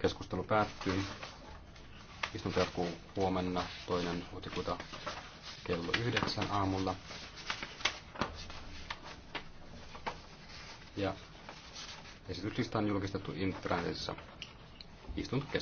Keskustelu päättyi. Istunto jatkuu huomenna toinen huhtikuuta kello yhdeksän aamulla. Ja esityslista on julkistettu intranetissä. Istunto